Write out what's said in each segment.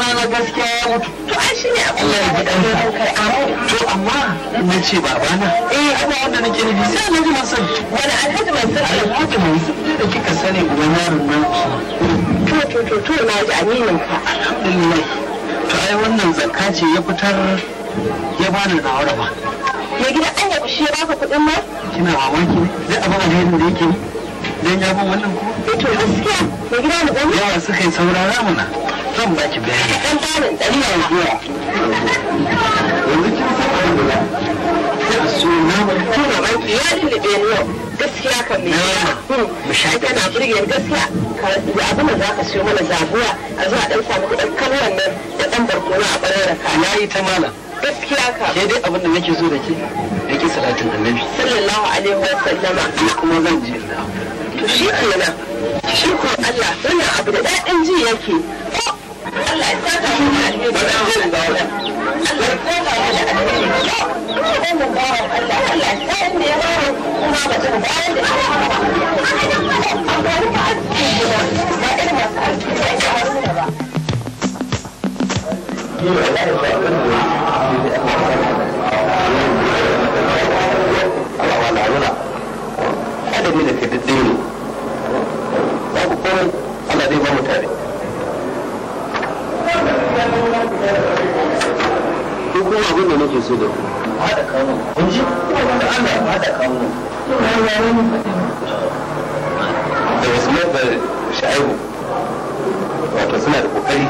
ɗana na gaskiya ya mutu to ai shine abin da ya dan kai to amma na ce babana eh abin wanda nake nufi alhaji mansur wani alhaji mansur alhaji mansur da kika sani uban yaron nan to to to to na ji aminin ka alhamdulillah to ai wannan zakka ce ya fitar ya bani na aure ba ya gida an kushe kuɗin ma kina mamaki ne zai abin da yake dan ya bin wannan ko? eh gaskiya mai gida mu dan yawa suka yi saurara mana zan ki bayani dan tarin dari ya zuwa yanzu kin san abin da sai so na ba ko da ba ki ya lullube ni yau gaskiya kan me ya hmm. burge ni gaskiya da abin da zaka siyo mana zaguwa a zuwa ɗan samu kuɗin kallon nan da ɗan barkono a da ka yi ta malam gaskiya ka ke dai abin da nake so da ke ke salatin annabi sallallahu alaihi wa wasallama kuma zan je da shi kenan shi ko Allah wannan abu da daɗin ji yake Allah ya saka mu da alheri Allah ya saka da alheri wannan bawan Allah Allah ya da inda ya da kuma ba ta bayar da shi ba amma ba a da gida ba irin da alheri ba ta wasu ba Allah wala yana adami da ka daddare babu komai Allah zai ba kuma abin da nake so da ku haɗa kanu kun ji Allah kanu da wasu sha'ibu wato suna da kokari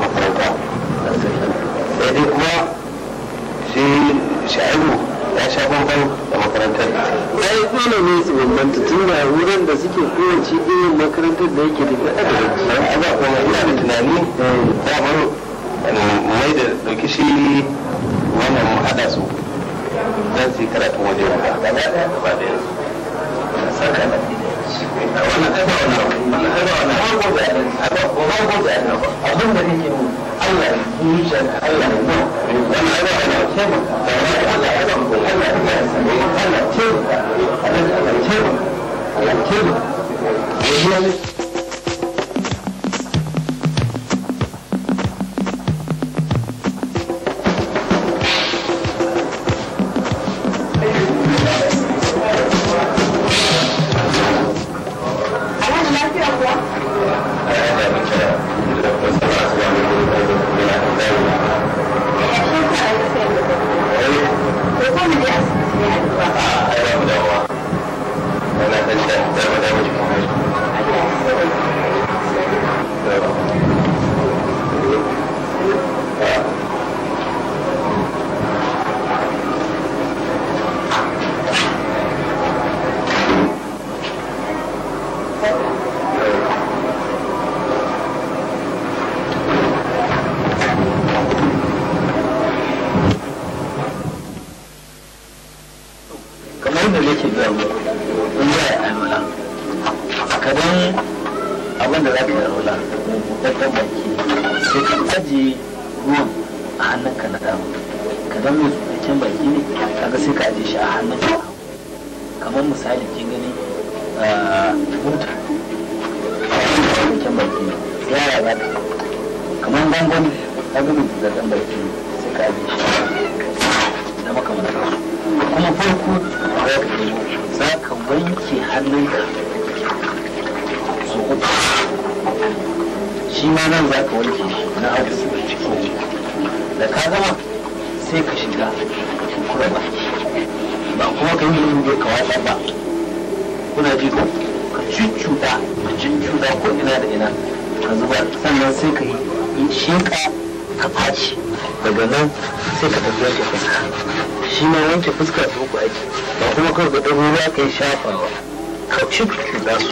makaranta sai dai kuma shi sha'ibu ya sha bambam da makarantar ya dole ne su bambanta tun da wurin da suke kowace irin makarantar da yake da kada da a ba kuma ina da tunani damar mai da dauki shi wannan mu hada su dan su karatu waje ba da daya gaba yanzu saka da wannan ai ba wannan wannan ai ba wannan ba ko da ba ko da ba abin da yake mu Allah ne zuciya ka Allah ne nan wani ana a taimaka da ya Allah ya san ko Allah ya san Allah taimaka Allah Allah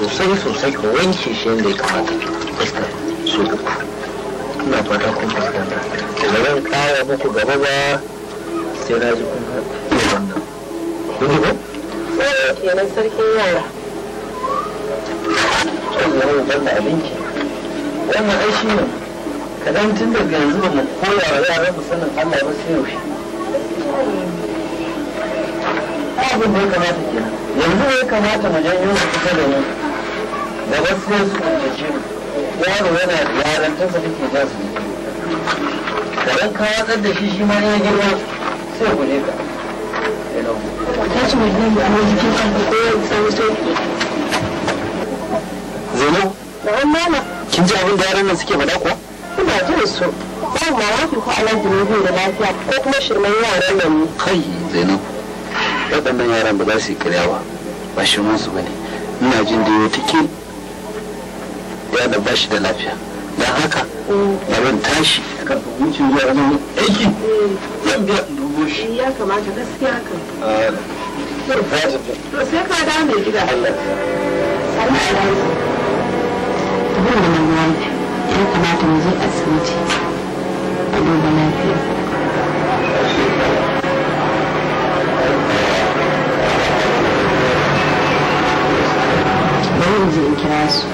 sosai sosai ka wanke shi yadda ya kamata fuskar su uku ina fata kun fuskanta da zan kawo muku gaba ba sai na ji kun haɗe wannan kun ji ba? sai nan sarkin yara sannan ban da abinci wannan ai shi ne kadan tun daga yanzu ba mu koya wa yara mu sanin Allah ba sai yaushe abin da ya kamata kenan yanzu ya kamata mu janyo su fita da mu da wasu sai su umarci yaro yana da yaran ta sa nake ja su da ran ka watsar da shi shi ma ya girma sai gune ka Zainab? Na'am eh, mama. Kin ji abin da yaran nan suke faɗa kuwa? Ina jin su. Ba mamaki ko alaji ne bai da lafiya ko kuma shirman yaran nan ne. Kai Zainab. Waɗannan yaran ba za su yi karyawa ba shirman su ne. Ina jin da yau take yaron ba shi da lafiya don haka barin tashi kan hukuncin zuwa wajen aiki zan biya dubu shi eh, ya kamata gaskiya kan ah, to sai ka da mai gida abin da nan wanke ya kamata mu je asibiti a duba lafiya Bari in je in kira su.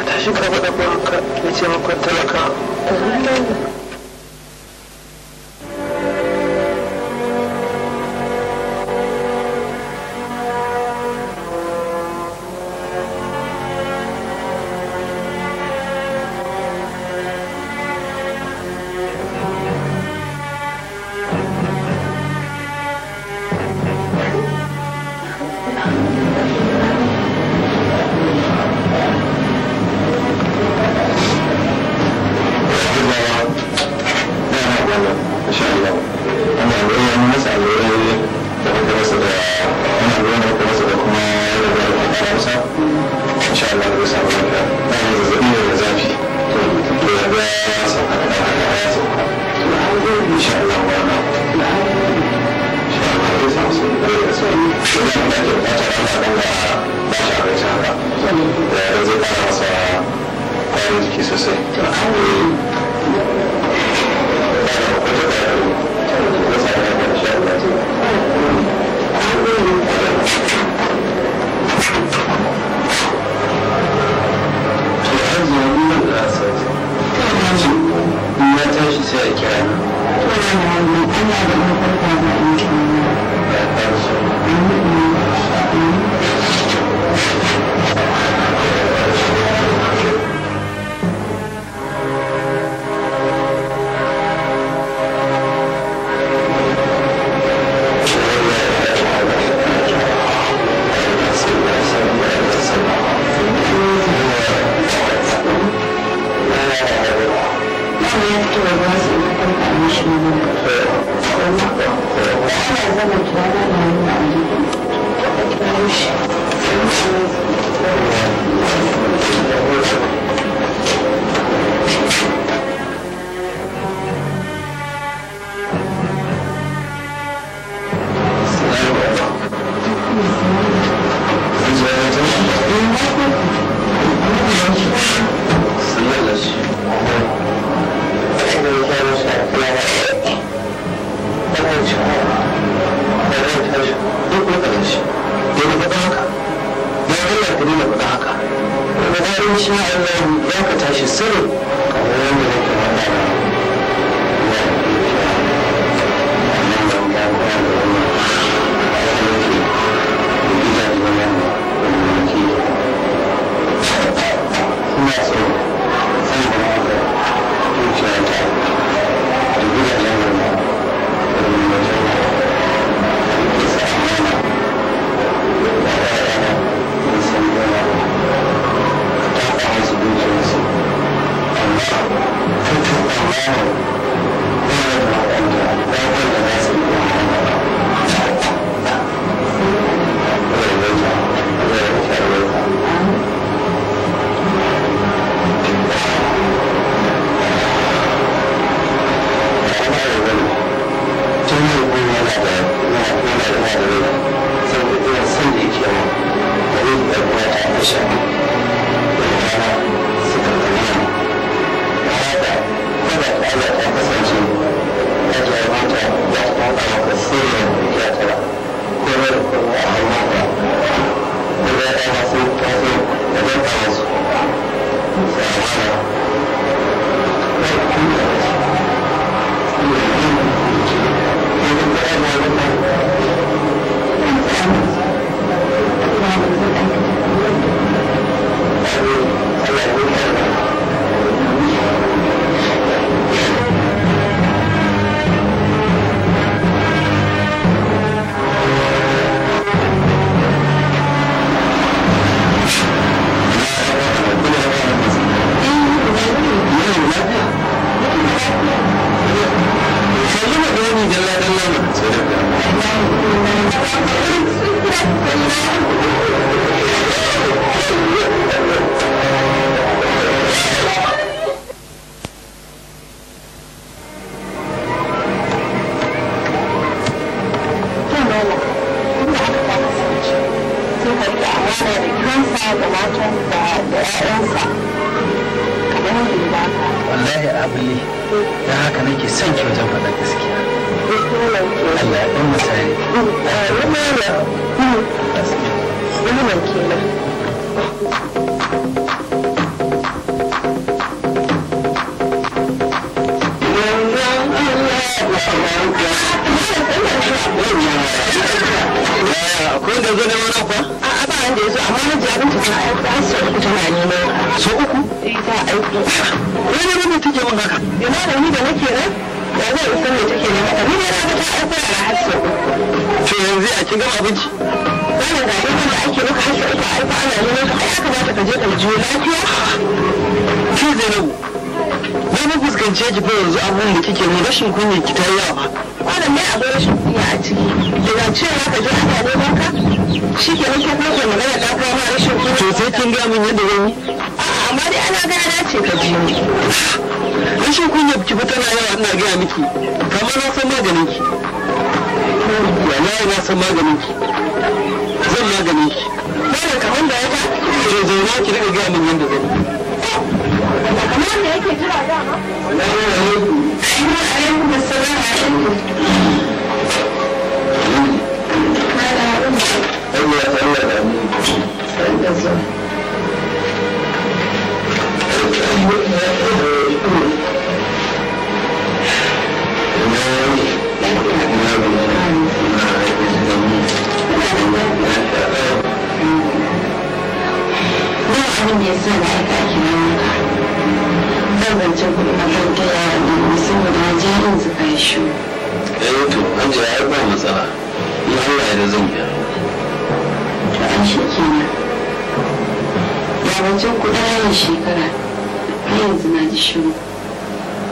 shi gaba da kwanka da taimakon talaka.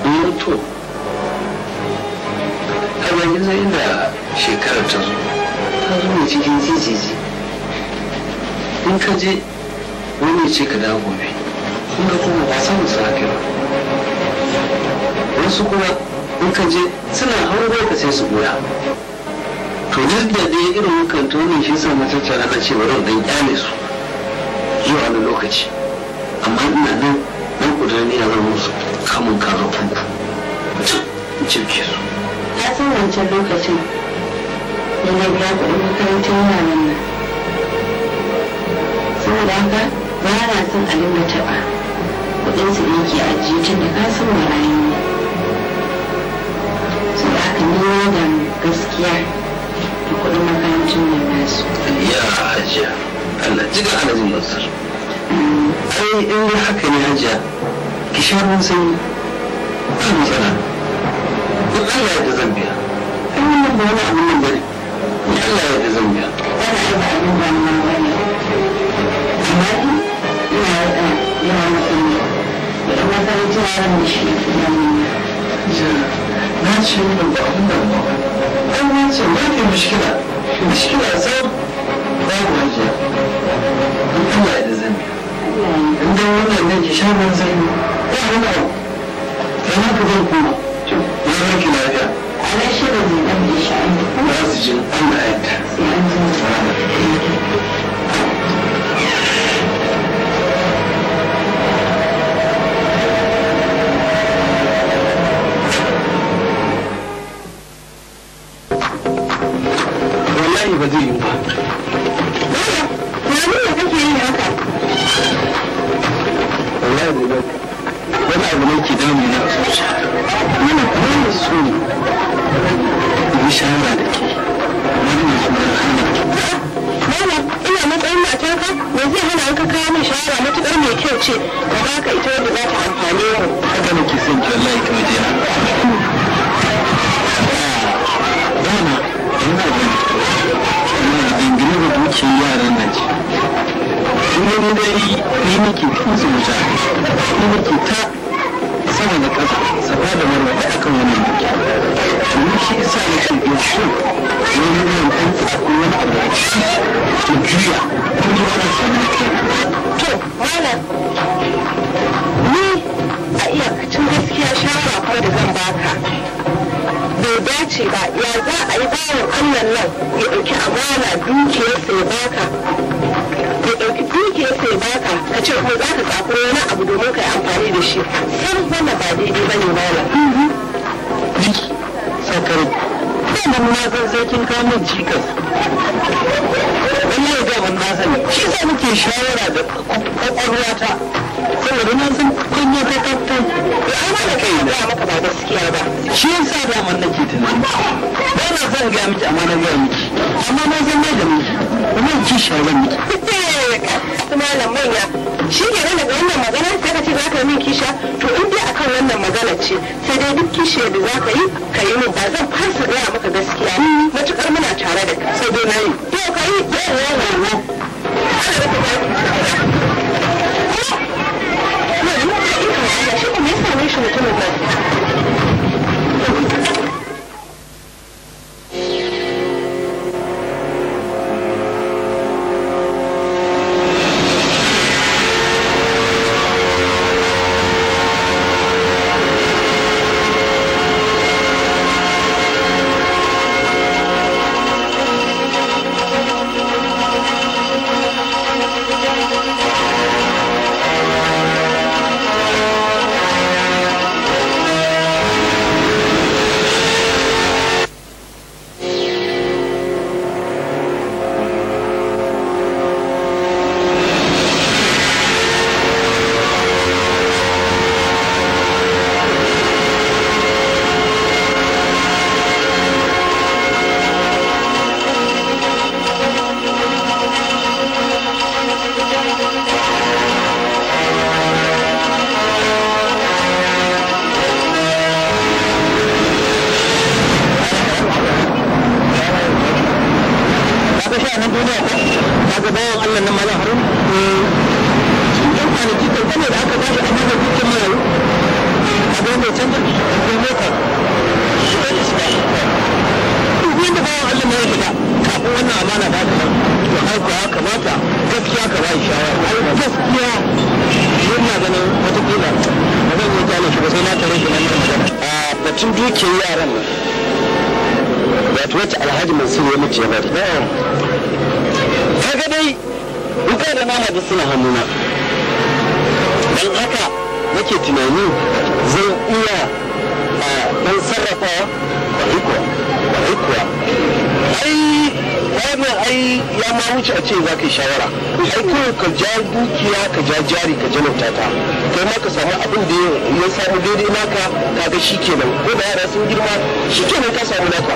domin to a bakin zai da shekarar ta zo ta zo ne cikin jijiji in ka je wani ce ka dawo gobe in ka kuma ba samun su haka ba wasu kuma in ka je suna hango ka sai su goya to duk da dai irin mukan tone shi sa matattara na cewa bari dan kyale su zuwa wani lokaci amma ina nan tunani a zan musu kamun kaza kuma jirgin su ya san wancan lokacin da na biya kuɗin makarantar yaran nan saboda haka ba na son a dinga taɓa kuɗin su yake ajiye tun da ka san marayu ne saboda da ni ya damu gaskiya da kuɗin makarantar nan nasu ya hajiya Allah jiga alajin nasar mm. ai in haka ne hajiya ki sha ruwan sanyi matsala in Allah ya da zan biya ai wannan ba wani abin nan bane in Allah ya da zan biya wannan ba ta Thank you. ce da ba ka ita wanda za ta amfane mu haka nake son ki ita waje dama ina da dangane da dukiyar yaran nan ce ni dare ni nake tuzu wuta ni nake ta sama da ƙasa safa da marwa da akan wannan dukiya shi ni shi yasa nake da shi wani nan ɗan wani abu a ciki to juya kuma kan wannan ba daidai ba ne mala sakar wannan na san sai kin kawo min cikas wallahi da ban na sani shi sa muke shawara da kwakwalwa ta saboda na san kunya ta kafta da an wani kai da maka ba gaskiya ba shi yasa da man nake tunani ba na san ga miki amma na ga miki amma na san na da miki kuma ki shawara miki malam manya shi ne daga wannan maganar ta ce za ka min kisha to in dai akan wannan magana ce sai dai duk kishiya da za ka yi ka yi min ba zan fasa gaya maka gaskiya matukar muna tare da ka sai dai na yi to ka yi da yawa Thank you. wacce alhaji mansur ya mutu ya bari kaga dai duka da nama da suna hannuna dan haka nake tunani zan iya dan sarrafa kwarai kuwa ai wannan ai ya ma wuce a ce za ka yi shawara ai kawai ka ja dukiya ka ja jari ka jalauta ta kai ma ka samu abin da ya samu daidai naka ka ga shi kenan ko da yara sun girma shi kenan ka samu naka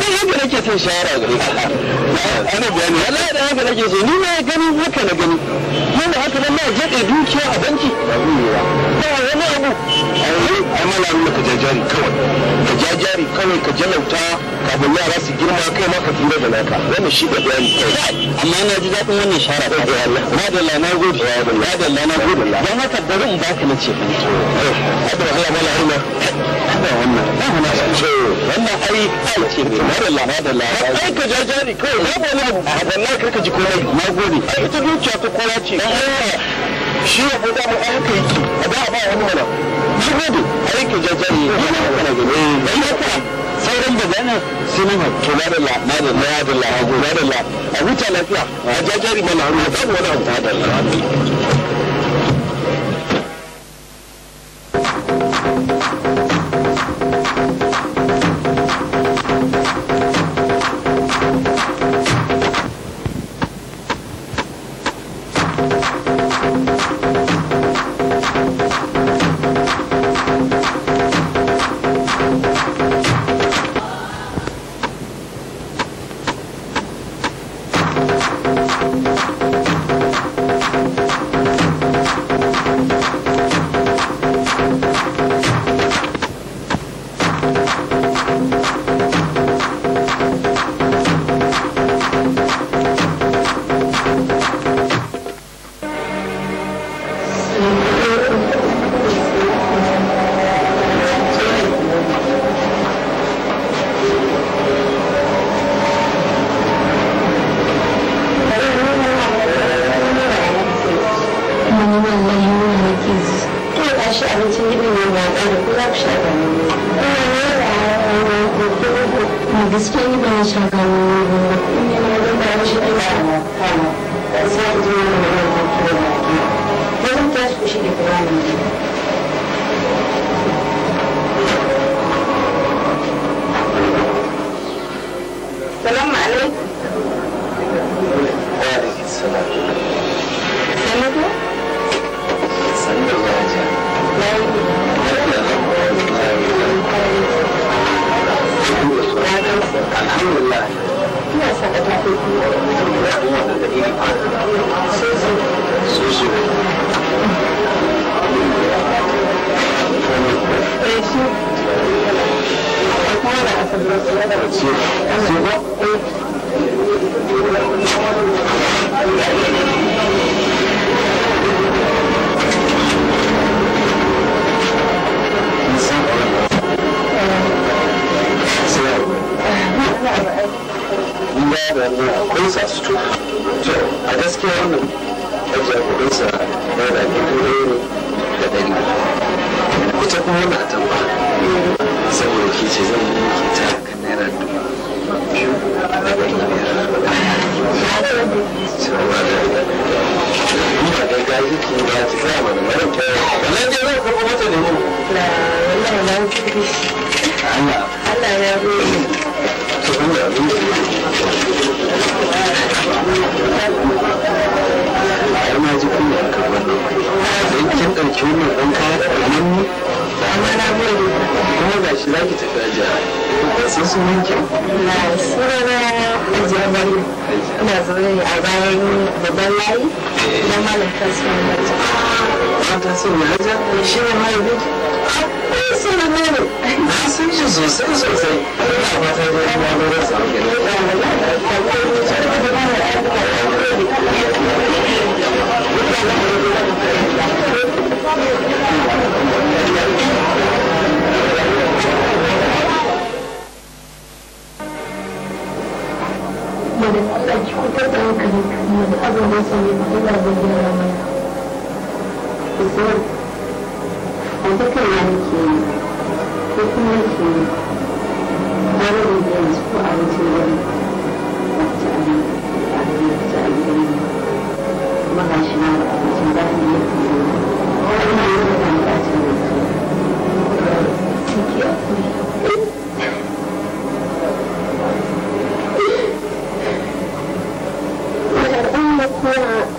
zai haka nake son shawara gare ka ana bayani wala da haka nake so ni na gani haka na gani yana haka nan na jaɗe dukiya a banki ba wani abu ai malamin ka ja jari kawai ka ja jari kawai ka jalauta kafin yara su girma kai ma ka tsira da naka wannan shi da bayani amma na ji daɗin wannan shara ta da eh, Allah ma da lana gode ma da lana gode dan haka bari in baka na ce fito hada da Allah mala ina wannan ba mu na san wannan ai ai ce ma da lana da lana ai ka jajani kai ba wani abu wallahi kar ka ji komai na gode ai ita dukiya ta kowa ce eh, shi ya buga mu ai haka yake a da ba wani mana na gode ai ka jajani ina kana gani sauran da bayanan sai mun haɗu to a huta lafiya a jajari mana hannu a da wani Thank you.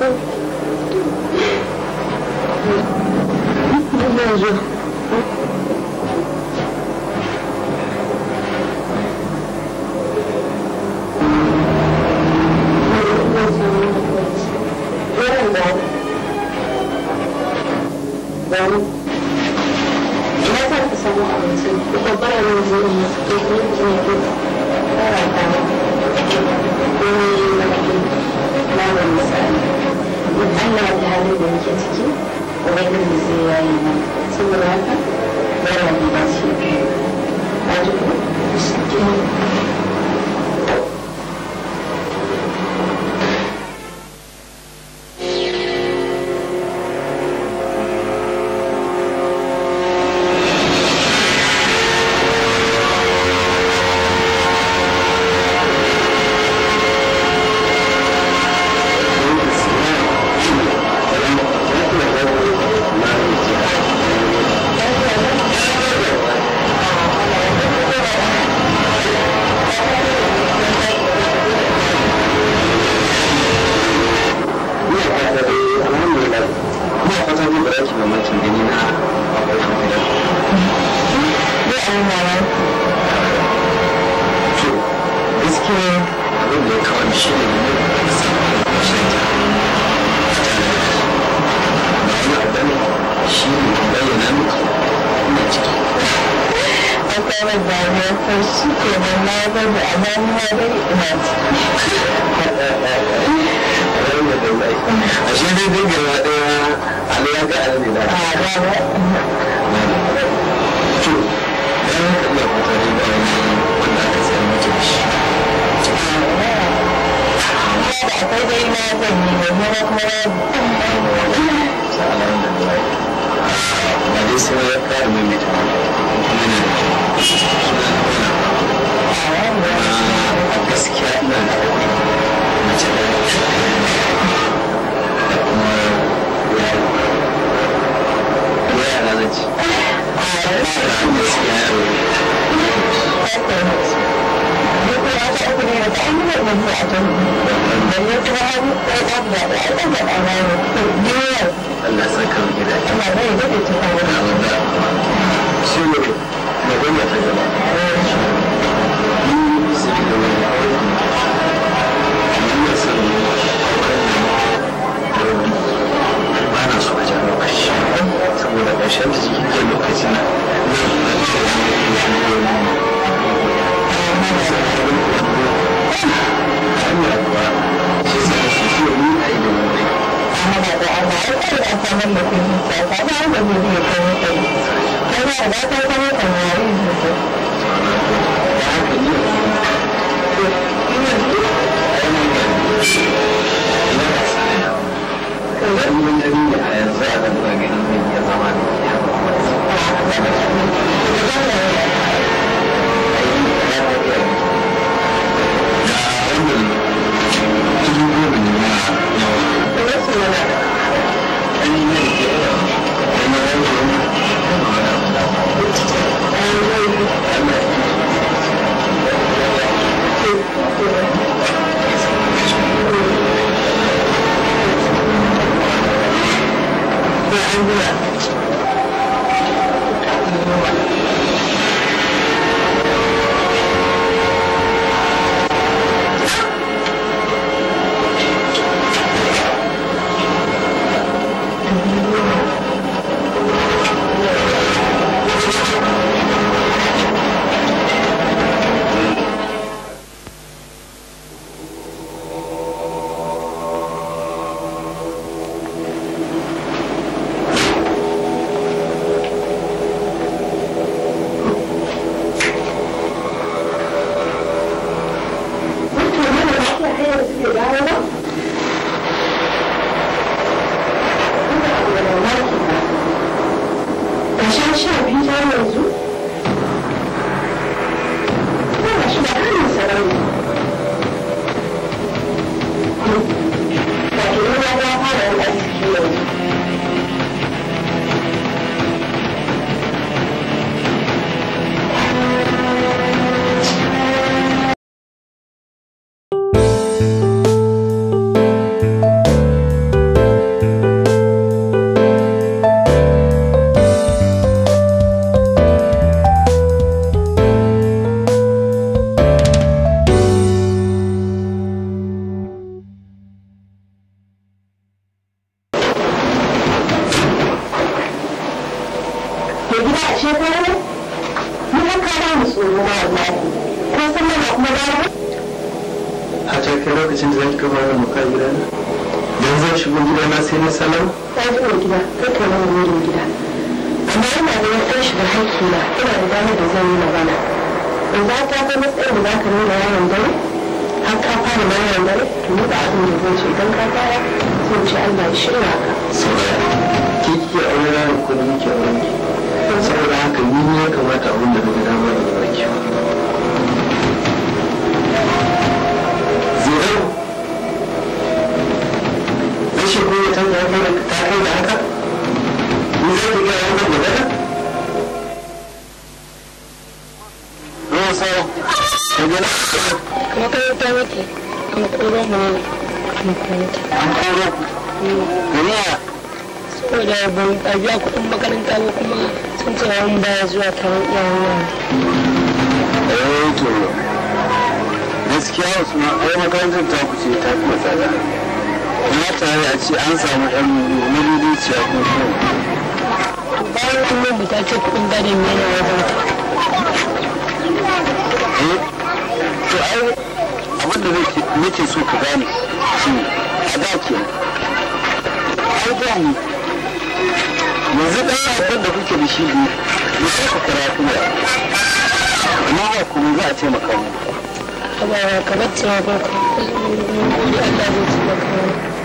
Thank you. شفاء mutlaka musulmanlar. Kasım'da bakmalar. Hacı Kerem için zevk kıvarda mukayyren. Yanzan şu bilgilerine seni selam. Hacı bilgiler, kakana bilgiler. Ama ina da wata shiga hakkina ina da damar da zan yi magana. In za ta kai matsayin da za ka nuna yaron dare, har ka fara ma yaron dare, to ni ba abin da zai ce idan ka fara, sai ce ki? saboda haka ni ya kamata a da daga dama da ba ki zero rashin kuma ta kai da haka ni za ki ga wannan magana Rosa, makaranta muke, an koro mu mm. makaranta. An koro? Gariya? Saboda ban biya kuɗin makaranta ba kuma sun wani baya zuwa taron iyayen eh to gaskiya wasu ma ai makarantar ta kuce ta kuma tsada na tare a ce an samu ɗan mulmuli ciya ko kyau bayan kuma bita ce kuɗin gadon yana wajen ta eh, to ai abinda nake so ka bani shi a da ke ai da ni yanzu ɗan abin da kuke da shi ne ya sai ku kira kuma amma ba kuma za a taimaka mu. kamar ba ku kuma kullum Allah zai taimaka mu.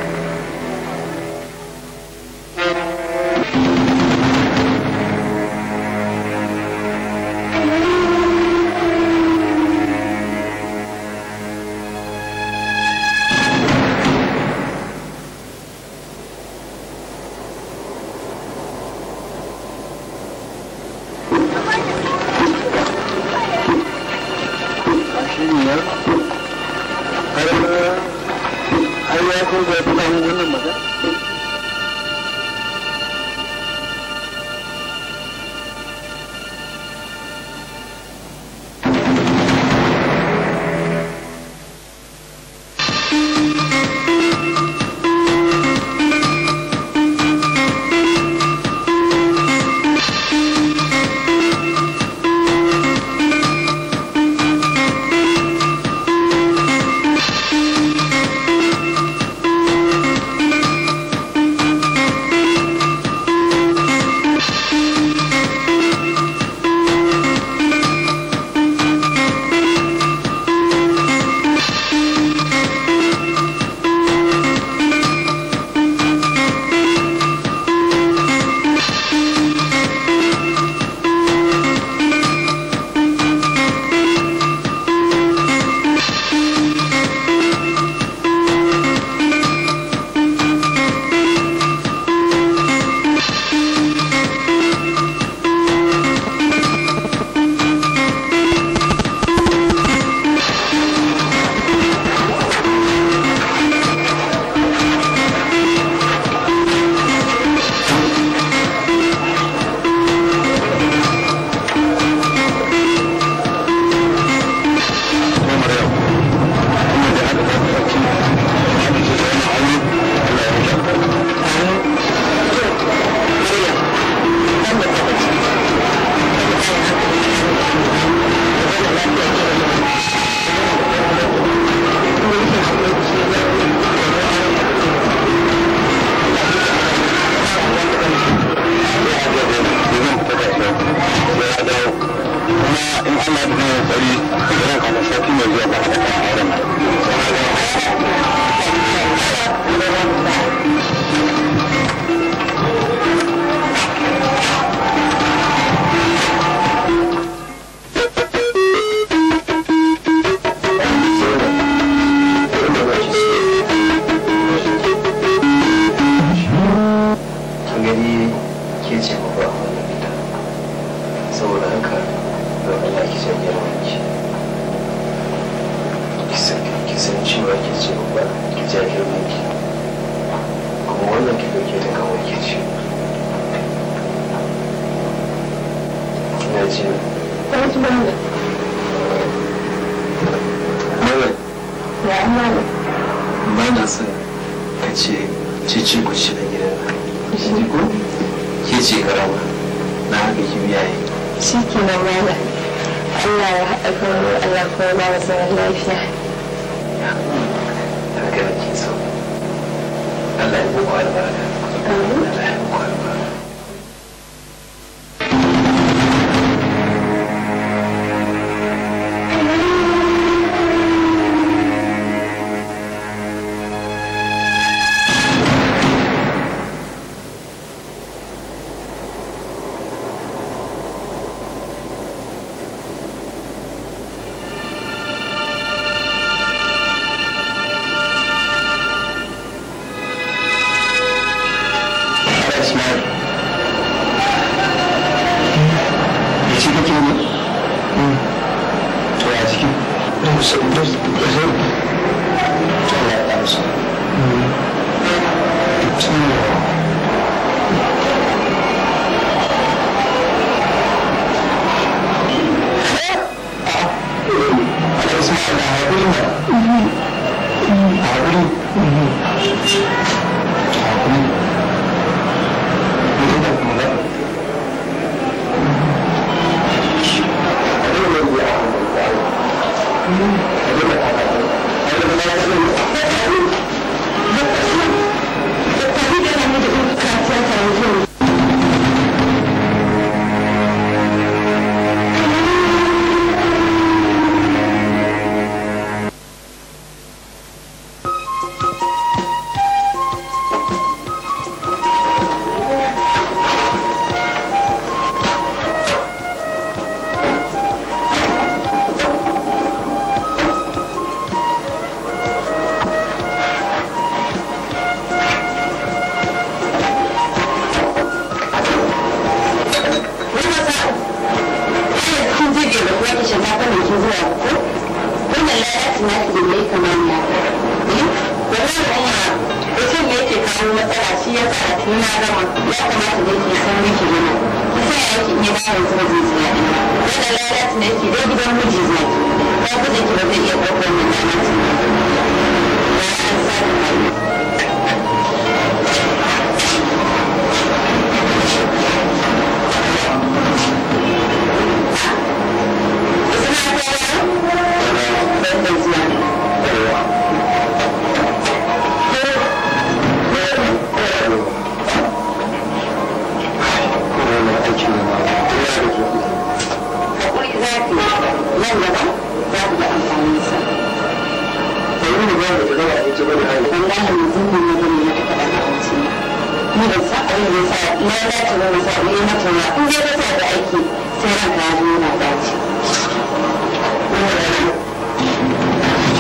ya dace ba mu samu yi mata ma in dai ka sa aiki sai ranka ya zo da dace.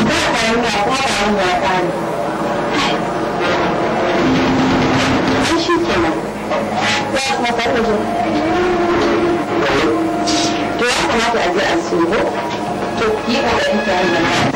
Ba ƙarin ya ta ƙarin ya ƙare. Ai shi kenan. Ya kuma farko je. To ya kamata a je a siyo. To yi ƙoƙarin ta hanyar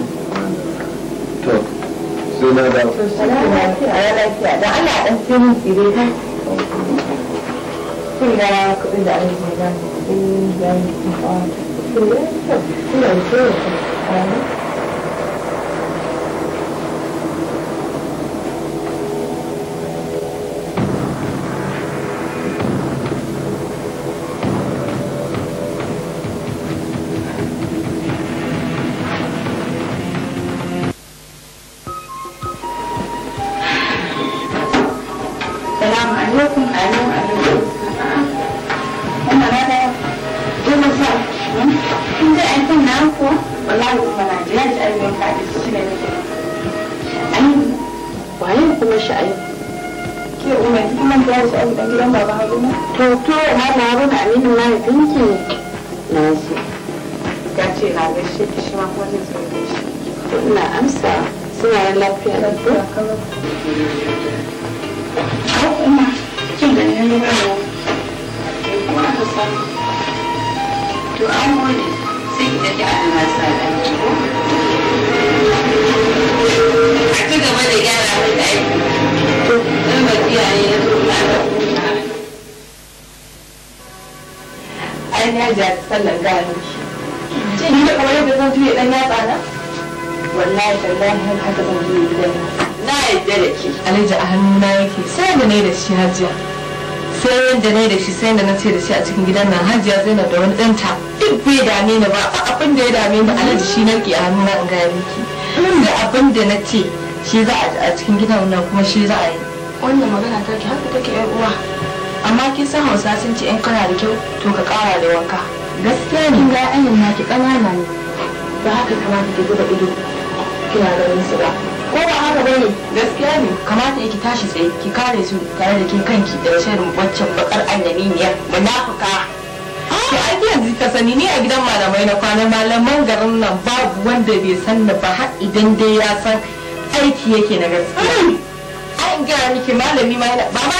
to sai na da lafiya da dan da dan mun tsire ka sai da kudin da Allah da ba ni ya yi abinki na zo ya ce na gaishe shi ma kuma zai zo gaishe amsa lafiya shi hajiya sai yadda ne da shi sai na ce da shi a cikin gidan nan hajiya na da wani danta duk bai dame ni ba abin da ya dame ni alaji shi na ke a hannuna in gaya miki sai abin da na ce shi za a cikin gidan nan kuma shi za a yi wannan magana ta ki haka take yar uwa amma kin san hausa sun ce in kana da kyau to ka kara da wanka gaskiya ne ga ayyana ki kanana ne ba haka kamata ki buɗe ido kina ganin su ba bane gaskiya ne kamata ki tashi tsaye ki kare su tare da ke kanki da shirin waccan bakar annabiniya munafuka to ai yanzu ka sani ni a gidan malamai na kwana malaman garin nan babu wanda bai san na ba har idan dai ya san aiki yake na gaskiya hmm. an gaya miki malami ma yana ba ma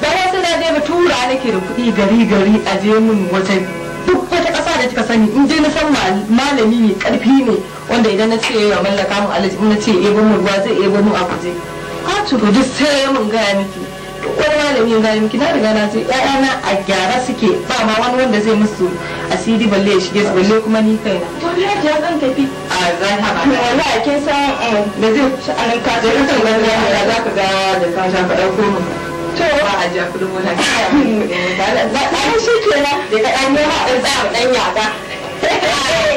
ba ya ba tura nake da kuɗi gari gari a je mun wata duk wata ƙasa da kika sani in je na san malami ne ƙarfi ne wanda idan na ce ya mallaka mun alaji na ce ebo mun ruwa zai ebo mun akuje ka to duk sai mun gaya miki duk wani malami ya gaya miki na riga na ce ƴaƴana a gyara suke ba ma wani wanda zai musu asiri balle ya shige su balle kuma ni na. to ne ya zan tafi a zan haɓa wallahi kin san um, da zai sha'anin ka da kan ganin za ka ga da ka shafa ɗauko mu to ba a ji a kudin mota ba ɗan shi kenan da ka ɗan yi haɗin za mu ɗan yaga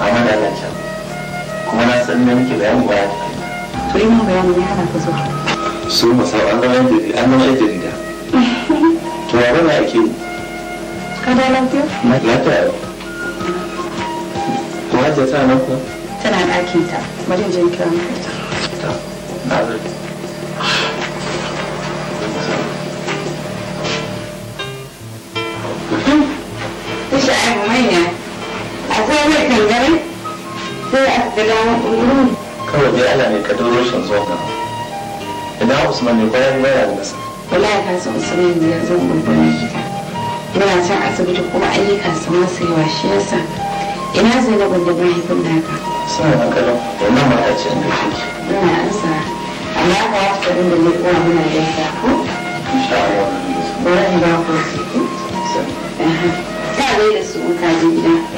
amma da can kuma na san da muke bayan ba to yi mun bayani ne hana ka zuwa su masa an zama jarida an zama jarida to ya bana ake yi ka da lafiya lafiya ko ta nan ko tana ɗakin ta wajen jin kira maka ta na zarta hm. Deixa akwai mai dangane sai a ga dama kullum kawai dai ana ne ka duro shin zuwa ga idan Usman ne bayan baya da nasa wallahi ka san Usman ne ya zo mun bayan gida Ina san asibiti kuma ayyuka su masa yawa shi yasa ina Zainabun da mahaifin naka suna na kalan wannan mata ce inda take ina ansa amma ka wasu da ne kuma muna da yasa ko insha Allah bari ba ku su ta da su ka je gida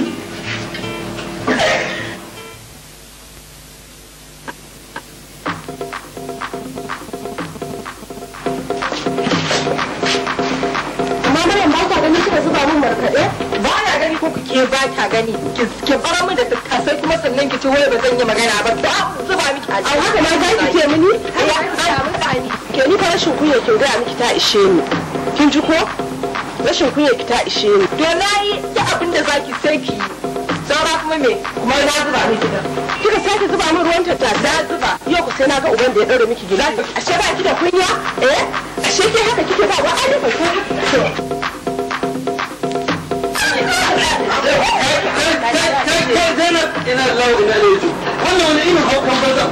a haka ma za ki ce mini ke ni rashin kunya ke gaya miki ta ishe ni kin ji ko rashin kunya ki ta ishe ni to ta abin da sai ki saura kuma me kuma na zuba kika sake zuba min ruwan tattasai na zuba yau ku sai na ga uban da ya daure miki ashe ba ki da kunya eh ashe ke haka kike ba wa alifa ko Zainab ina leju wannan wani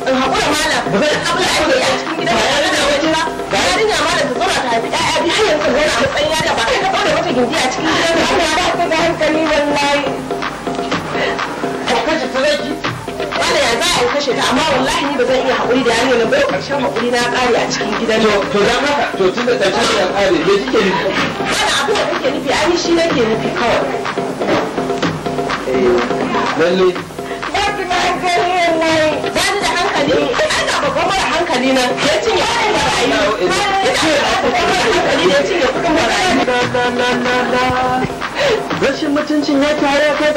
in haƙura mana ba zai abla ake a cikin gidan da ya da waje ba ba ya dinga mana ta zauna ta haifi ɗaya biyu har yanzu zauna a matsayin yada ba ka ɗaure mata gindi a cikin gidan da ana ba ta da hankali wallahi ka kashe ta zaki wanda ya za a yi kashe ta amma wallahi ni ba zan iya haƙuri da yaro na bai ƙarshen haƙuri na ƙare a cikin gidan to to dan haka to tun da ƙarshen ya ƙare me kike nufi wannan abin da kake nufi ai shi nake nufi kawai eh, lalle hankali na ya cinye mutuncin ya tare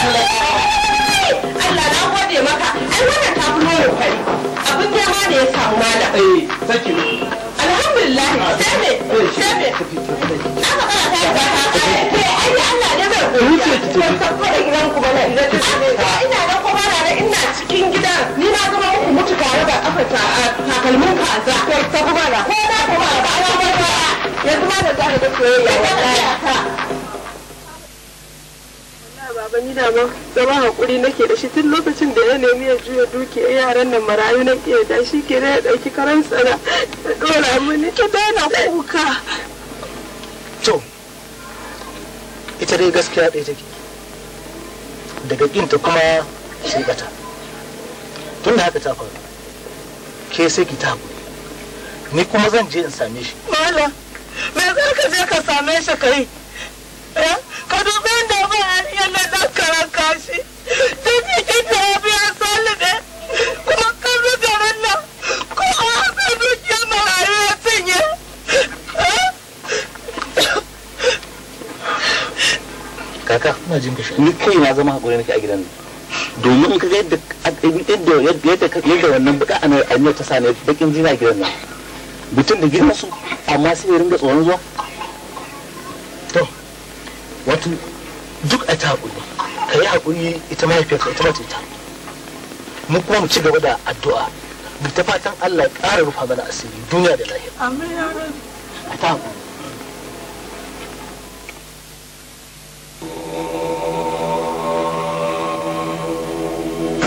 Allah na gode maka ai wannan ta fi nono fari abin alhamdulillah sai me sai ka kana ta ta ta ai Allah gidan ina ina cikin gidan ni na zama muku mutu tare da kafa ta takalmin ka za ko ta kuma na ko na yanzu ma da da soyayya Baba ni dama zama hakuri nake da shi tun lokacin da ya nemi ya juya dukiya eh, yaran nan marayu na ke da shi ke ya ɗauki karan tsana da ɗora mini ta daina kuka. To, ita dai gaskiya ɗaya take. Daga ƙinta kuma sai ɓata. Tun da haka ta faru, ke sai ki ta Ni kuma zan je in same shi. Malam, me za ka je ka same shi kai? ya. Kadın ben ama her yerlerden karan karşı. Dedi ki abi hasarlı be. Kulaklarını karanla. Kulağını duyuyor bana ya. Kaka. Nikin ya zama hakuri nake a gidan nan. Domin ka ga yadda yadda wannan baka ana ta sani bakin jina gidan nan. Mutum da girma su amma mutu duk a ta haƙuri ka yi haƙuri ita mahaifiyarka ita mace mu kuma mu ci gaba da addu'a mu ta fatan Allah ya ƙara rufa mana asiri duniya da lahira amin a ta haƙuri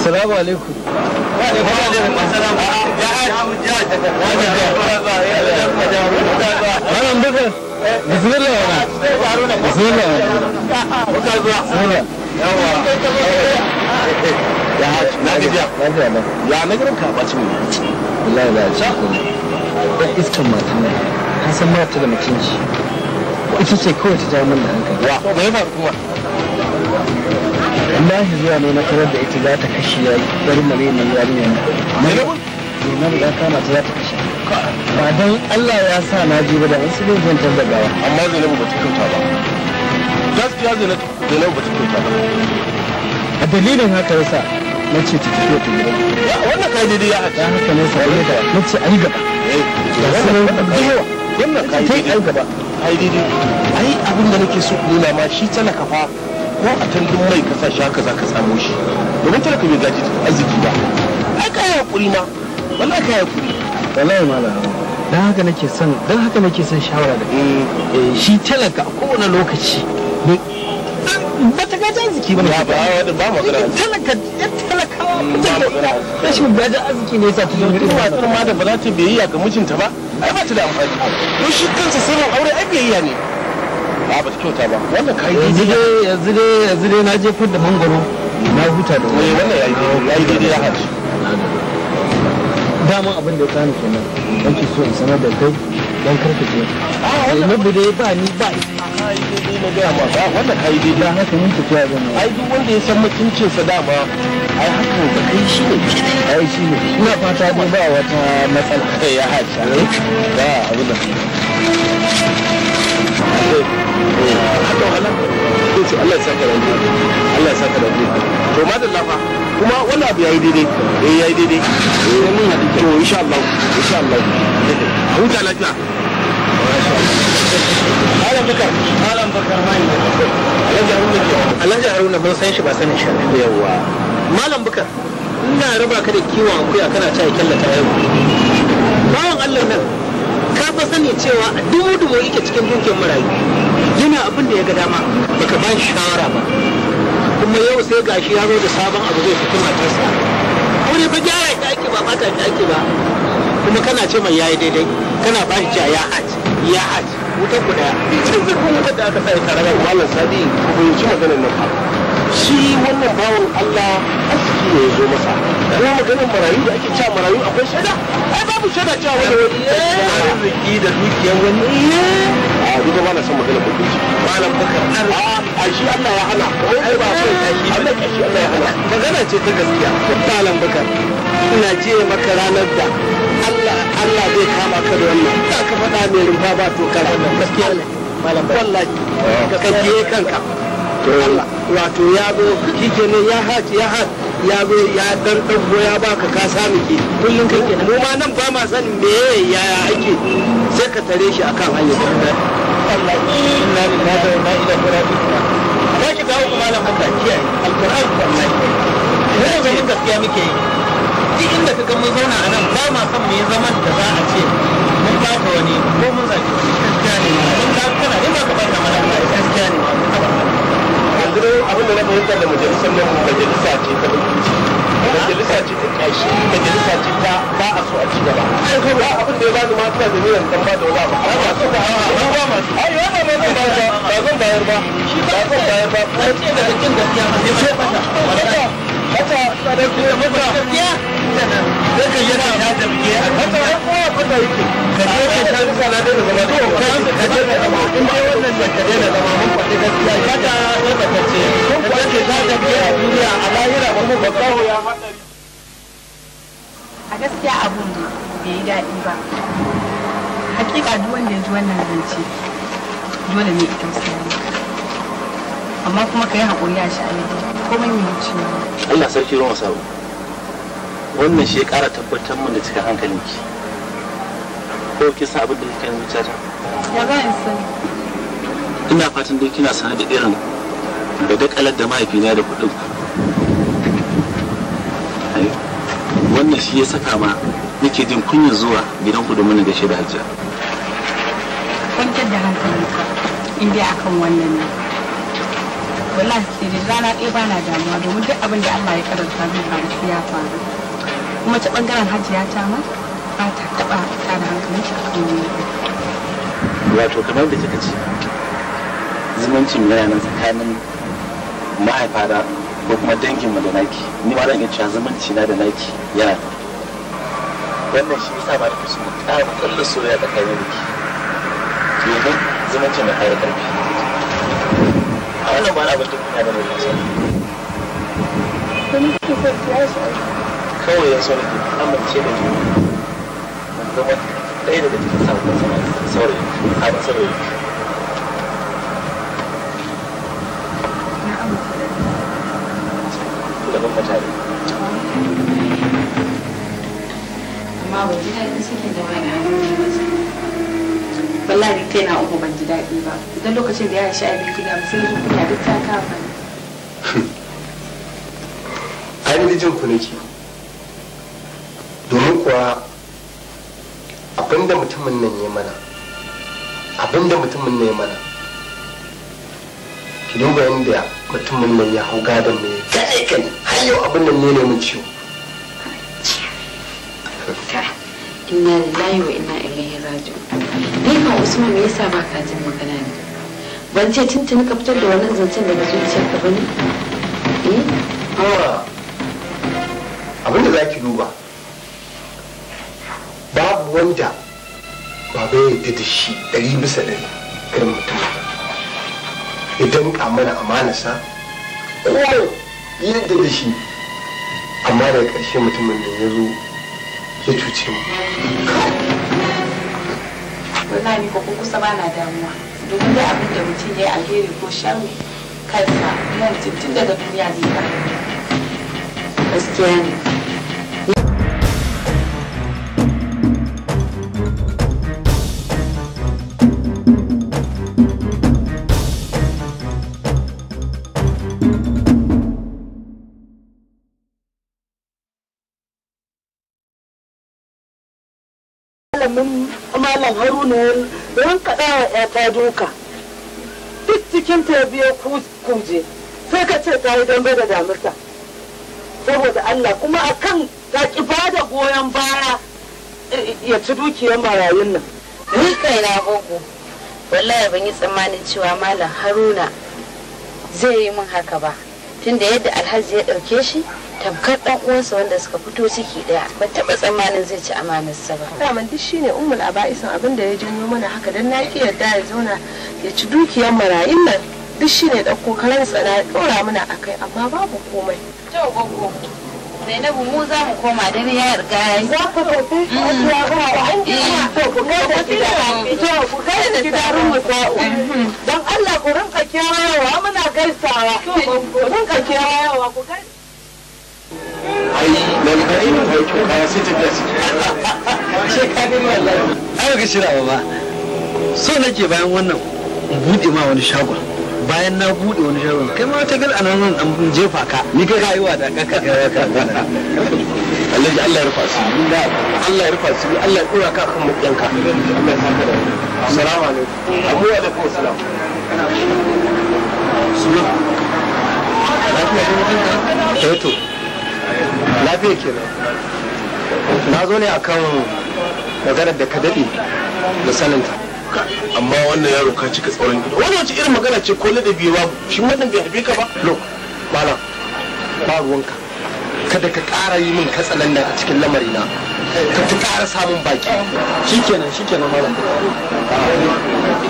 Assalamu alaikum. Wa alaikum Ya bismillah yana bismillah yana ya san da zuwa ne na karar da ita za ta kashe ya bari mare mai yarinya ne ya kama ta za ta ba don Allah ya sa na ji ba da wasu zai zantar da gawa amma zainabu ba ta kyauta ba gaskiya zainabu ba ta kyauta ba a dalilin haka yasa na ce ta tafiya ta gida wannan kai daidai ya haka haka ne wani da na ce ai gaba ga sanar da yawa wannan kai daidai ai gaba ai daidai ai abin da nake so nuna ma shi talaka fa ko a tandun mai ka sa shi haka za ka samu shi domin talaka bai gaji arziki ba ai yi hakuri ma wallahi yi hakuri wallahi malam don haka nake son don haka nake son shawara da eh, shi talaka a kowane lokaci ba ta gaji arziki ba ne ba magana talaka talakawa hmm, rashin gaji arziki ne yasa tuzo ne ba tsar ma da ba za ta biyayya ga mijinta ba ai ba ta da amfani Ba shi kansa sirrin aure ai biyayya ne ba ba ta kyauta ba wannan kai yanzu dai yanzu dai yanzu dai na jefar da mangoro na huta da wani eh, wannan yayi daidai ya haji daman abin da ya kani kenan don ki so in sanar da kai don karka ke eh, na bude ba ni ba na gaya ma ba wannan kai dai da haka mun tafiya da ai duk wanda ya san mutuncin sa da ba ai haka ne kai shi ne ai shi ne ina fata dai ba wata matsala kai eh, ya ne ba abu da eh, Allah ya saka da Allah ya saka da to madallafa kuma wannan abu yayi daidai eh yayi daidai eh mun ya to insha Allah insha Allah huta lafiya Alan Bakar Alan Bakar mai Alhaji Haruna mun san shi ba sanin shi yawa Malam Bakar ina raba ka da kiwon akuya kana ta kyallata yau bawan Allah nan ka fa sani cewa dumu dumu yake cikin dukiyar marayu yana abin da ya ga dama baka ba shawara ba kuma yau sai gashi ya zo da sabon abu zai fito matarsa aure fa gyara ba bata shi ake ba kuma kana ce mai yayi daidai kana ba shi cewa ya haji ya haji wuta ku daya cikin zurfin wutar da aka sa ya tare da malam sadi ku fahimci maganar nan fa shi wannan bawan Allah aski ne zo masa ko maganar marayu da ake cewa marayu akwai shaida ai babu shaida cewa wani wani arziki da dukiyar wani eh. ni ba na son magana malam a ah, shi Allah ya hana ko ai ba so Allah shi Allah ya hana magana ce ta gaskiya malam ina je maka ranar da Allah Allah zai kama ka da wannan za ka faɗa ba to gaskiya ne malam wallahi ah. ka kanka Allah wato ya zo kike ne ya haji ya haji ya zo ya dan ya baka ka sami ke kullum kake mu ma nan ba ma sanin me yaya ake sai ka tare shi akan hanyar wallahi inna lillahi wa inna ilaihi raji'un ka ki dawo kuma malam Allah kiyaye alquran wallahi ne ga yin gaskiya muke yi duk inda ka ga mun zauna a nan ba ma san yi zaman da za a ce mun ba ka wani ko mun zaki wani gaskiya ne mun ka kana ne ba ka ba ta mana gaskiya ne yanzu abin da na fahimta da majalisar nan majalisa ce ta majalisa ce ta kashi majalisa ce ta ba a so a ci gaba ba abin da ya ba da ma suna da niyyar ba da wala ba ba masu da hawa ba masu ai wannan ba zan bayar ba ba zan bayar ba ba zan bayar ba ko ce da kin gaskiya ba sai ba wata sadaki da mutu gaskiya sai ka yi ta a kasa ya ta da da gaskiya ta ta da a a lahira ba mu a abun bai yi daɗi ba hakika duk wanda ya ji wannan zance dole ne ita tausaya amma kuma ka yi haƙuri a sha'ani komai mai wucewa Allah sarki ruwan sabu wannan shi ya ƙara tabbatar min da cikin hankalinki ko ki sa abin da kike yin ta ya ga in sani ina fatan dai kina sanar da irin da kalar da mahaifina da kuɗin wannan shi ya saka ma nake jin kunyar zuwa gidan ku domin gaishe da hajjia kwantar da hankali in dai akan wannan ne wallahi sai dai rana ɗaya ba na damuwa domin duk abin da Allah ya karanta min ba shi ya faru kuma ta bangaren hajiya ta ma ba ta taɓa tara hankalin shi akan wani wato kamar da kika ce zumuncin yana nan tsakanin mahaifa da ko kuma danginmu da naki ni ma zan iya cewa zumunci na da naki yana wannan shi yasa ma da kusa mu kalla ƙwallon soyayya tsakanin da ke domin zumuncin da ƙara ƙarfi wannan ba na abin duk ba ne kawai ya so ne amince da ke zama ɗaya daga cikin sabon saurayi a masarai gaban mutane amma ba ji da wani wallahi ni kaina uku ban ji daɗi ba idan lokacin da ya shi a biyu gida sai jin kunya duk ta kama ne. ni ai jin ku nake domin kuwa abinda mutumin nan ya mana abinda mutumin nan ya mana ki duba yadda mutumin nan ya hau gadon mai kaɗai kai har yau abin nan ne ne mun ciwo inna lillahi wa inna Halifa Usman me yasa ba ka jin magana ne? Ban ce tuntuni ka fitar da wannan zancen daga zuciyar ba ne? Eh? Abin da za ki duba. Babu wanda baba ya yadda da shi ɗari bisa ɗari kan mutum. Idan ka mana amanasa, ko yadda da shi amma daga ƙarshe mutumin da ya zo ya cuce mu. wallahi ko kusa ba na damuwa domin dai abin da mutum ya yi alheri ko shan kansa kuma daga duniya zai fara gaskiya malam haruna ya rinka wa ‘yata duka duk cikin ta kuje sai ka ce ta yi dambe da damuta saboda Allah kuma a kan ta ki ba da goyon baya ya ci dukiyar marayun nan. Ni kai na gogo wallahi ban yi tsammanin cewa malam haruna zai yi min haka ba tunda yadda alhaji ya ɗauke shi tamkar dan uwansa wanda suka fito ciki daya ba taba tsammanin zai ci amanarsa ba daman duk shine ummul aba'isin abin da ya janyo mana haka dan na ki yarda ya zauna ya ci dukiyar marayun nan duk shine dan kokarin tsana ya dora mana akai amma babu komai to gogo Zainabu mu za mu koma da ya riga ya yi. Za ku tafi mm. ya ba ku an ji eh. to ku kai da gida to ku kai da gida Don mm-hmm. Allah ku rinka kewayawa muna gaisawa. Ku rinka ku ai nan ai ta ga shira ba so bayan wannan ma wani shagon bayan na bude wani shagon kai ma ta gal an jefa ka ni kai rayuwa da ka Allah ya rufa su Allah ya rufa su Allah ya dora ka kan mutanka assalamu alaikum da lafiya ne to lafiya nan, na zo ne akan maganar da ka daɗe da saninta amma wannan yaro ka cika tsoron gida wani wace irin magana ce ko ladabi ba shi wannan bai harbe ka ba look malam ba ruwanka kada ka ƙara yi min katsalandan a cikin na ka fi ƙara samun baki shikenan shikenan malam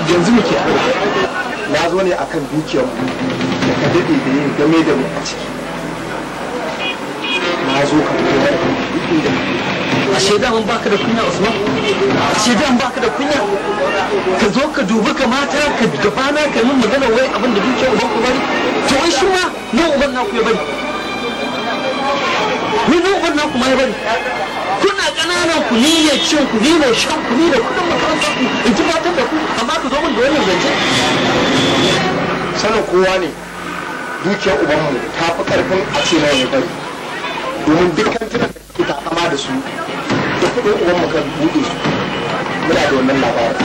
yanzu muke a na zo ne akan dukiyar da ka daɗe da yin game da mu a ciki na a shaida mun baka da kunya usman a shaida mun baka da kunya ka zo ka dubi ka mata ka gabana ka yi magana wai abin da duke uban ku bari to wai shi ma nan uban naku ya bari ni nan uban naku ma ya bari kuna ƙananan ku ni ya cin ku ni da shan ku ni da kudin makaranta ku in ji fatan da ku amma ku zo min da wannan zance sanin kowa ne dukiyar ubanmu ta fi ƙarfin a ce na ya bari domin duk kantinan da ke takama da su da kuɗin uwan maka buɗe su muna da wannan labarin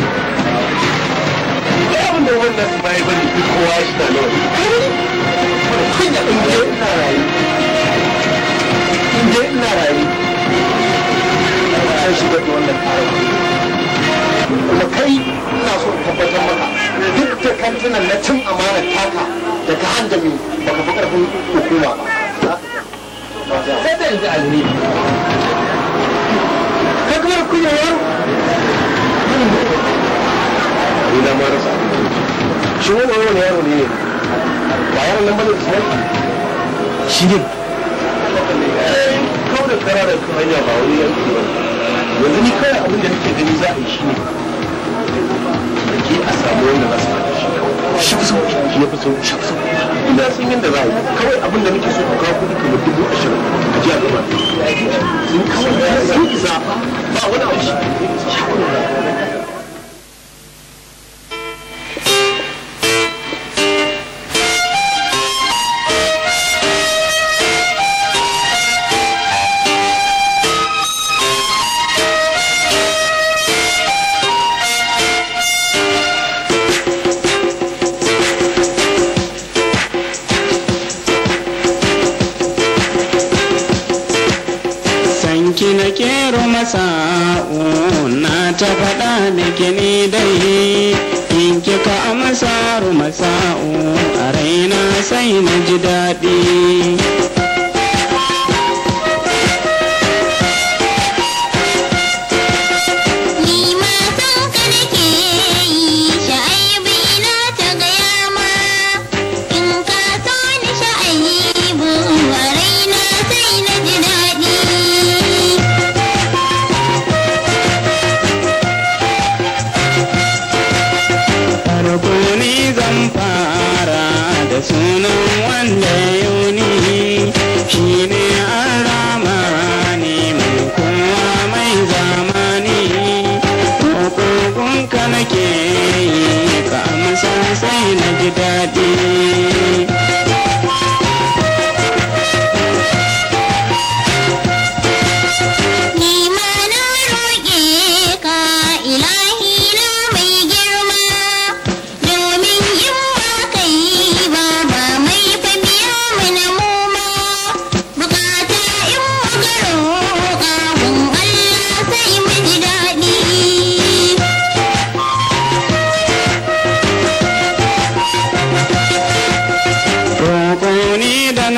abin da wannan su bayi bane duk kowa ya shiga nawa kunya in je ina rayu in je ina rayu zan shiga da wannan tsarin kuma kai ina so in tabbatar maka duk da kantinan na cin amana taka da ka handami baka fi ƙarfin hukuma ba sai da yanzu alheri ka kuma kunya yaro ni na ma rasa wani wani ne ba yaron nan bane ismail shi ne kawai da kara da hanya ba wani yanki ba yanzu ni kawai da nake gani za a yi shi ne a samu wanda shafsu ya fi so shafsu ina sun yadda za a yi kawai abin da nake so ku kawo kuɗi kamar dubu ashirin a jiya da sun kawai ba wani abu shi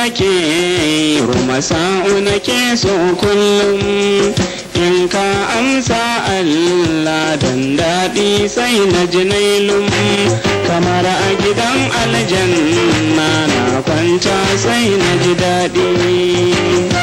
nake kuma nake so kullum in ka amsa Allah dan daɗi sai na ji nailum kamar a gidan aljanna na kwanta sai na ji daɗi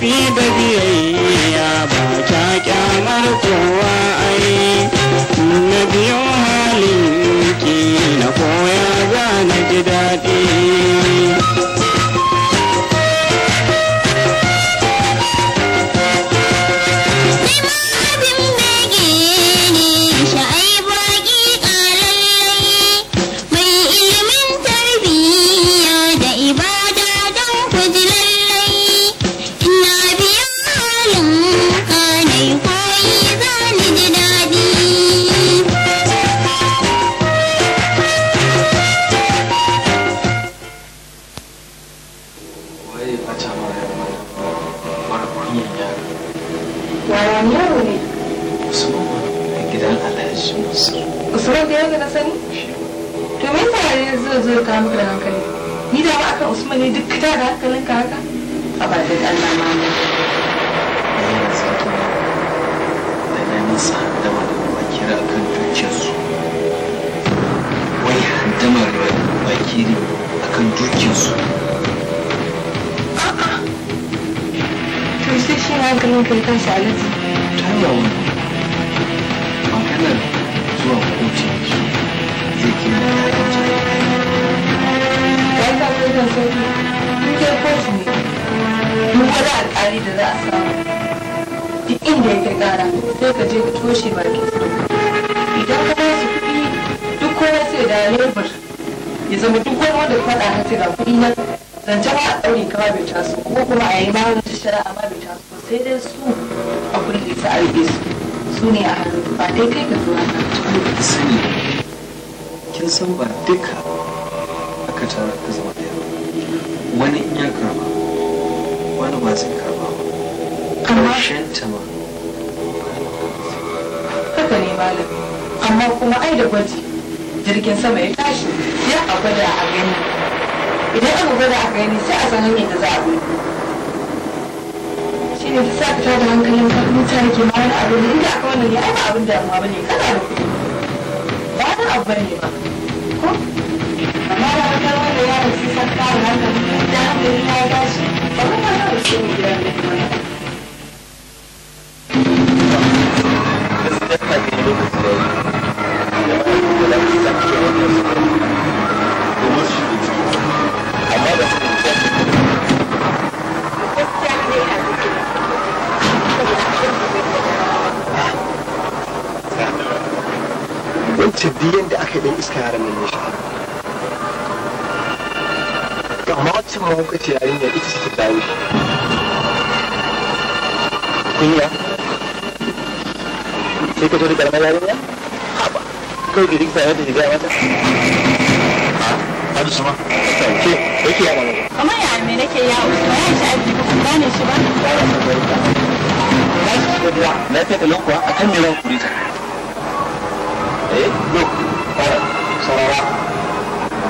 tafi da biyayya ba ta kyamar kowa ai na biyo halinki na koya za na ji daɗi lokaci ya da aka dan iska yaran nan shi sai ka zo da karamar yarinya haba kai da rikta ya shiga mata a su ma ke yake yawa ne kamar ya me nake yawo to ya ci aji ba kun gane shi ba na ta da lokuwa a kan miran kurita eh look fara sarara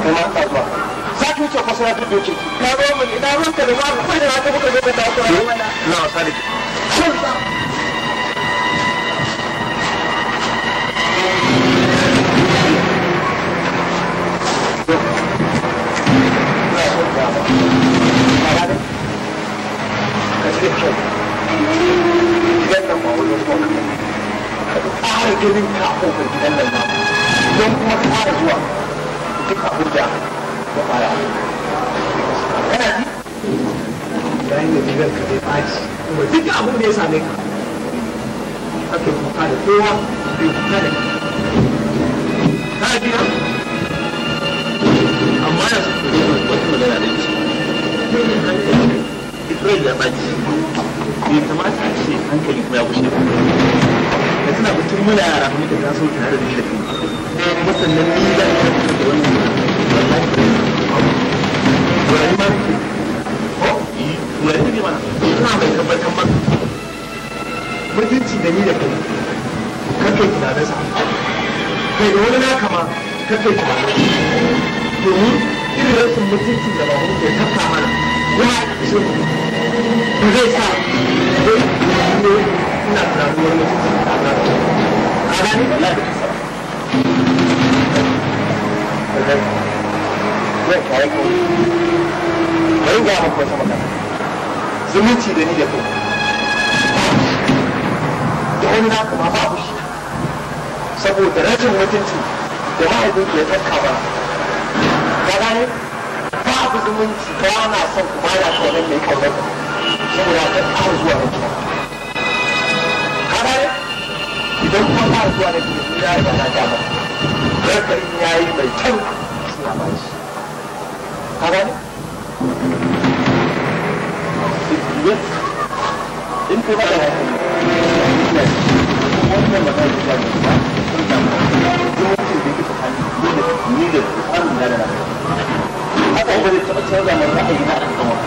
kuma ta zuwa za wuce kwasa ta doke ki na zo mun ina ruwanka da ma kai da ta buka da ta kura na wasa da ta da kyau gidan nan ba wajen zuwa ka ka ƙara ganin ka a nan ba don kuma ka ƙara zuwa duk abin da ya fara kana ji yayin da gidan ka bai ɓaci kuma duk abin da ya same ka ake kuka da kowa bai kuka da kana ji na amma yanzu ku da ya rai da baki bai kamata a ce hankali kuma ya kushe ku da suna mutum mana yara kuma ka taso tare da shi kuma sannan ni zan yi da wannan wani ma ko oh, wani ne mana ina mai tabbatar maka mutunci da ni da kai kake tunanin sa kai da wani naka ma kake tunanin domin irin rashin mutunci da ba mu ke kafa mana ya ishe mu me zai sa dai ne ina tunanin wani mutum a nan a gani da lafi zai kare ku bari ga maka wata magana zumunci da ni da kai da wani naka shi saboda rashin mutunci da mahaifinki ya ba ba na mai saboda ka ƙara zuwa da kuma ka gane idan kuma ƙara zuwa da kuma ya riga na dama rakarin ya yi mai kyau suna ba shi ka in kai da wannan magana da ya samu yawancin da ke tsakanin ni da tsarin da na haka mai ra'ayi na al'amura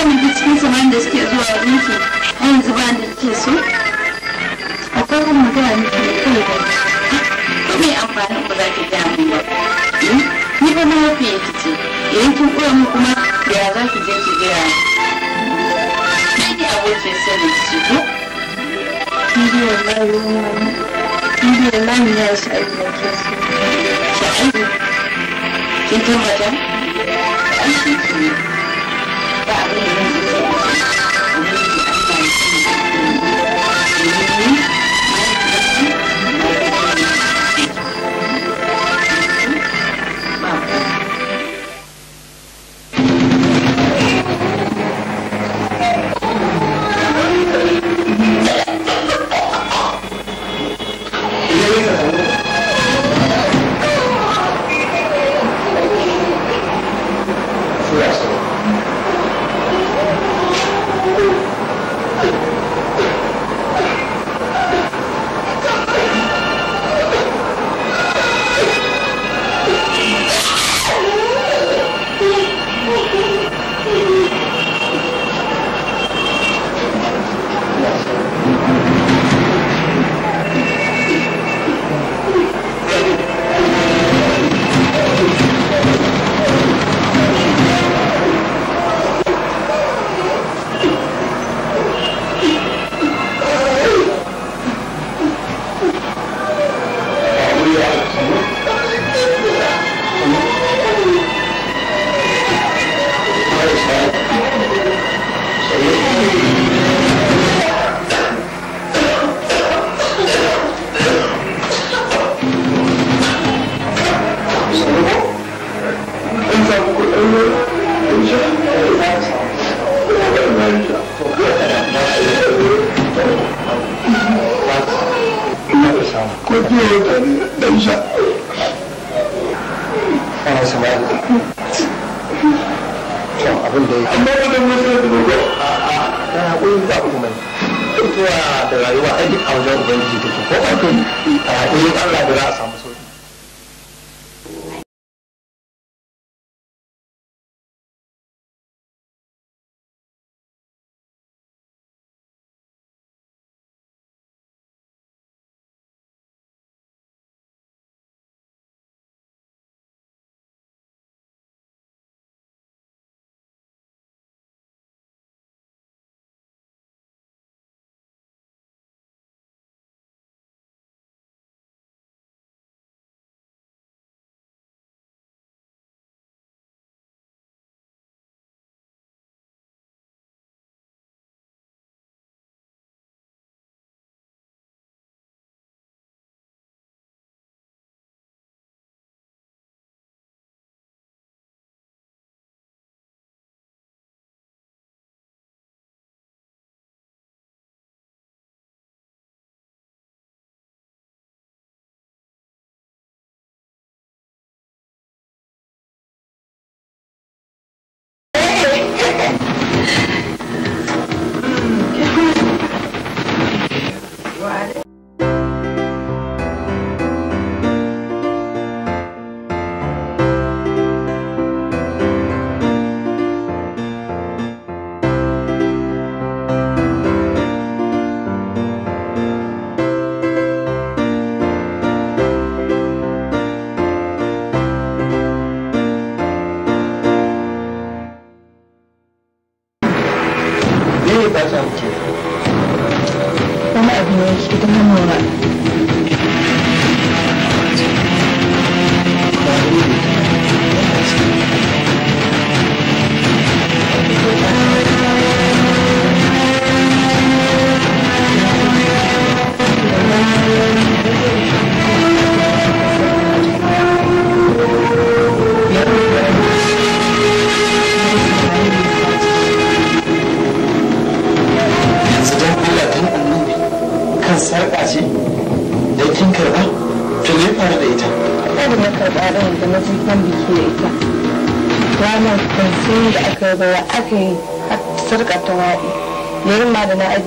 taimaki cikin samayin da suke zuwa wajen ki a yanzu ba da ke so akwai wani magana ne ke kawai da ko mai amfanin ba za ki gaya min ba hmm? ni ba mahaifiyar ki ce idan kin koya mu kuma ya za ki je ki gaya ni ne abokin ki ko ni ne wallahi wani ya shi aiki da ke so sha'ani kin tabbata an shi ki ne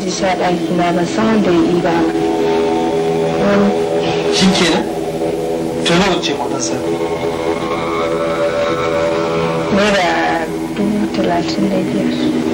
ji sha ɗaki na ba san wanda ya yi ba shi kenan to nawa ce kudin safi naira dubu talatin da